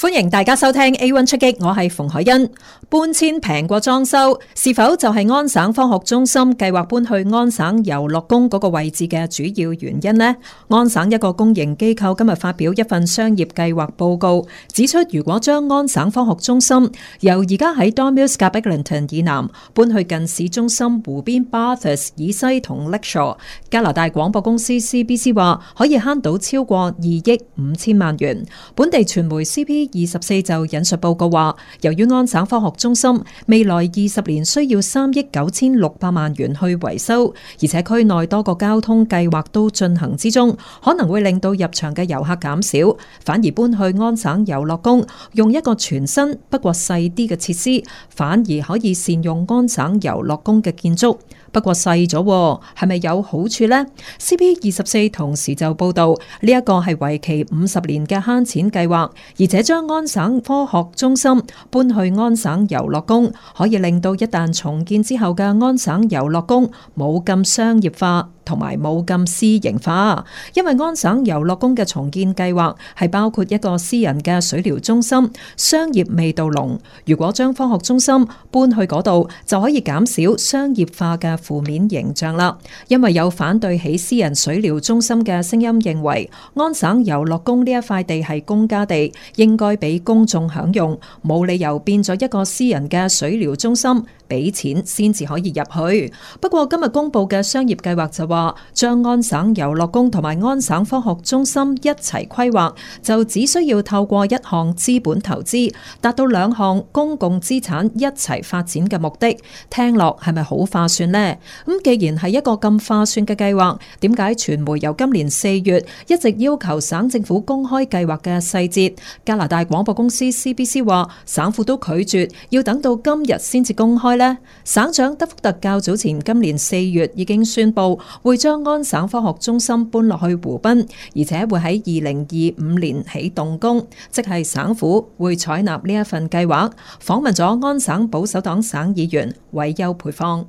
歡迎大家收聽 A1 出擊，我係馮海欣。搬遷平過裝修，是否就係安省科學中心計劃搬去安省遊樂宮嗰個位置嘅主要原因呢？安省一個公營機構今日發表一份商業計劃報告，指出如果將安省科學中心由而家喺 Don Mills 夾 Eglinton 以南搬去近市中心湖邊 Bathurst 以西同 Lake Shore，加拿大廣播公司 CBC 話可以慳到超過二億五千萬元。本地傳媒 CP。二十四就引述報告話，由於安省科學中心未來二十年需要三億九千六百萬元去維修，而且區內多個交通計劃都進行之中，可能會令到入場嘅遊客減少，反而搬去安省遊樂宮用一個全新不過細啲嘅設施，反而可以善用安省遊樂宮嘅建築，不過細咗、啊，係咪有好處呢？CP 二十四同時就報道，呢、這、一個係為期五十年嘅慳錢計劃，而且將。安省科學中心搬去安省遊樂宮，可以令到一旦重建之後嘅安省遊樂宮冇咁商業化。同埋冇咁私營化，因為安省遊樂宮嘅重建計劃係包括一個私人嘅水療中心，商業味道濃，如果將科學中心搬去嗰度，就可以減少商業化嘅負面形象啦。因為有反對起私人水療中心嘅聲音，認為安省遊樂宮呢一塊地係公家地，應該俾公眾享用，冇理由變咗一個私人嘅水療中心，俾錢先至可以入去。不過今日公佈嘅商業計劃就話。話將安省遊樂宮同埋安省科學中心一齊規劃，就只需要透過一項資本投資，達到兩項公共資產一齊發展嘅目的。聽落係咪好劃算呢？咁、嗯、既然係一個咁劃算嘅計劃，點解傳媒由今年四月一直要求省政府公開計劃嘅細節？加拿大廣播公司 CBC 話，省府都拒絕，要等到今日先至公開呢？省長德福特較早前今年四月已經宣布。會將安省科學中心搬落去湖濱，而且會喺二零二五年起動工，即係省府會採納呢一份計劃。訪問咗安省保守黨省議員維優培芳，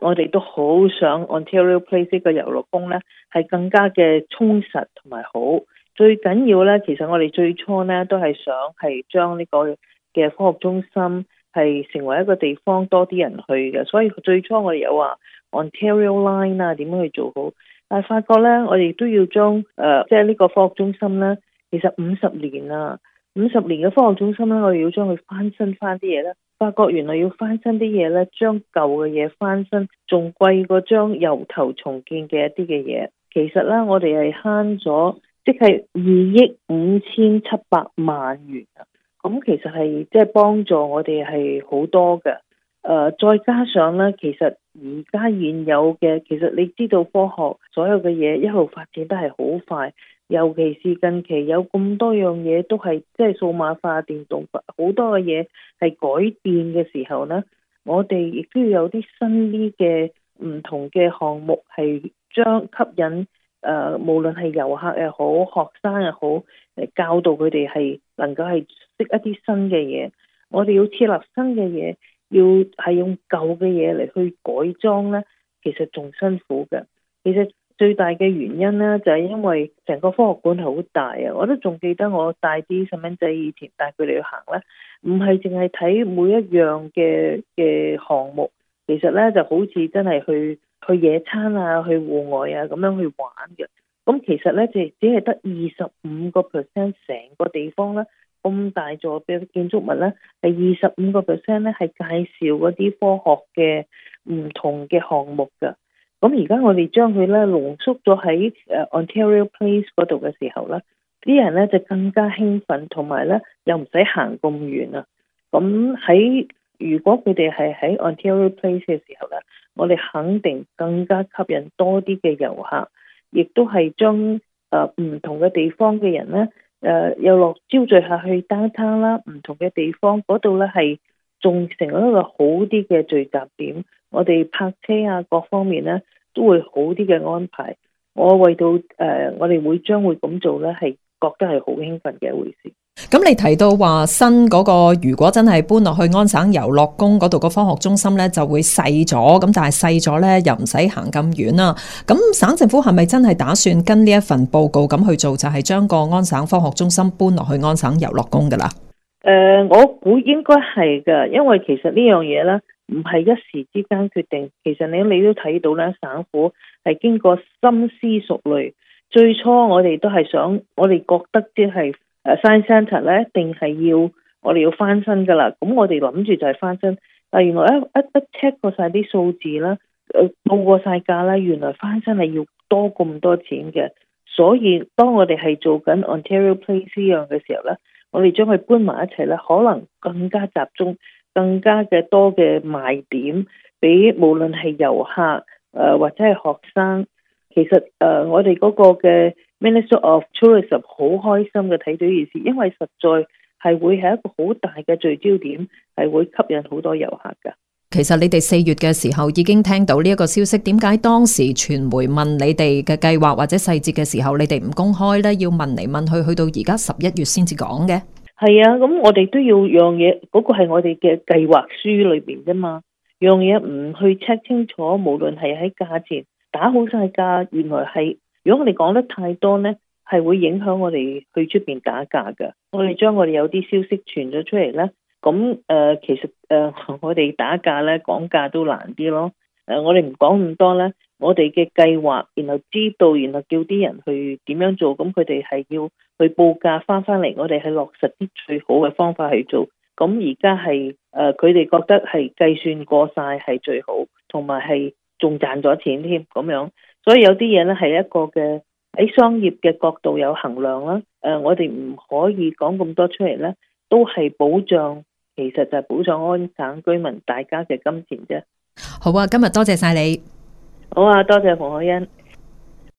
我哋都好想 Ontario Place 嘅遊樂宮咧係更加嘅充實同埋好，最緊要咧，其實我哋最初咧都係想係將呢個嘅科學中心，係成為一個地方多啲人去嘅，所以最初我哋有話 Ontario Line 啊點樣去做好，但係發覺呢，我哋都要將誒即係呢個科學中心呢，其實五十年啊，五十年嘅科學中心呢，我哋要將佢翻新翻啲嘢呢，發覺原來要翻新啲嘢呢，將舊嘅嘢翻新，仲貴過將由頭重建嘅一啲嘅嘢，其實呢，我哋係慳咗，即係二億五千七百萬元啊！咁其實係即係幫助我哋係好多嘅，誒、呃、再加上咧，其實而家現有嘅，其實你知道科學所有嘅嘢一路發展得係好快，尤其是近期有咁多樣嘢都係即係數碼化、電動化，好多嘅嘢係改變嘅時候咧，我哋亦都要有啲新啲嘅唔同嘅項目係將吸引。誒，無論係遊客又好，學生又好，誒，教導佢哋係能夠係識一啲新嘅嘢。我哋要設立新嘅嘢，要係用舊嘅嘢嚟去改裝咧，其實仲辛苦嘅。其實最大嘅原因咧，就係因為成個科學館係好大啊！我都仲記得我帶啲細蚊仔以前帶佢哋去行咧，唔係淨係睇每一樣嘅嘅項目，其實咧就好似真係去去野餐啊，去戶外啊，咁樣去玩嘅。咁其實咧，就只係得二十五個 percent，成個地方咧，咁大座嘅建築物咧，係二十五個 percent 咧，係介紹嗰啲科學嘅唔同嘅項目㗎。咁而家我哋將佢咧濃縮咗喺誒 Ontario Place 嗰度嘅時候咧，啲人咧就更加興奮，同埋咧又唔使行咁遠啊。咁喺如果佢哋係喺 Ontario Place 嘅時候咧，我哋肯定更加吸引多啲嘅遊客，亦都係將誒唔、呃、同嘅地方嘅人咧，誒、呃、又落朝聚下去 Downtown 啦，唔同嘅地方嗰度咧係仲成一個好啲嘅聚集點，我哋泊車啊各方面咧都會好啲嘅安排。我為到誒、呃、我哋會將會咁做咧，係覺得係好興奮嘅一回事。咁你提到話新嗰個，如果真係搬落去安省遊樂宮嗰度個科學中心咧，就會細咗咁，但係細咗咧又唔使行咁遠啦。咁省政府係咪真係打算跟呢一份報告咁去做，就係將個安省科學中心搬落去安省遊樂宮噶啦？誒、呃，我估應該係嘅，因為其實呢樣嘢咧唔係一時之間決定。其實你你都睇到咧，省府係經過深思熟慮。最初我哋都係想，我哋覺得即係。誒 Science Centre 咧，一定係要我哋要翻新噶啦。咁我哋諗住就係翻新。但原來一一一 check 過晒啲數字啦，報、啊、過晒價啦，原來翻新係要多咁多錢嘅。所以當我哋係做緊 Ontario Place 呢樣嘅時候咧，我哋將佢搬埋一齊咧，可能更加集中、更加嘅多嘅賣點，俾無論係遊客誒、呃、或者係學生，其實誒、呃、我哋嗰個嘅。Minister of Tourism 好開心嘅睇到呢件事，因為實在係會係一個好大嘅聚焦點，係會吸引好多遊客噶。其實你哋四月嘅時候已經聽到呢一個消息，點解當時傳媒問你哋嘅計劃或者細節嘅時候，你哋唔公開咧？要問嚟問去，去到而家十一月先至講嘅。係啊，咁我哋都要樣嘢，嗰個係我哋嘅計劃書裏邊啫嘛。樣嘢唔去 check 清楚，無論係喺價錢打好晒價，原來係。如果我哋講得太多呢，係會影響我哋去出邊打價嘅。我哋將我哋有啲消息傳咗出嚟呢，咁誒、呃、其實誒、呃、我哋打價呢，講價都難啲咯。誒我哋唔講咁多呢，我哋嘅計劃，然後知道，然後叫啲人去點樣做，咁佢哋係要去報價翻翻嚟，我哋係落實啲最好嘅方法去做。咁而家係誒佢哋覺得係計算過晒係最好，同埋係仲賺咗錢添咁樣。所以有啲嘢咧，係一個嘅，喺商業嘅角度有衡量啦，誒，我哋唔可以講咁多出嚟咧，都係保障，其實就係保障安省居民大家嘅金錢啫。好啊，今日多謝晒你，好啊，多謝馮可欣。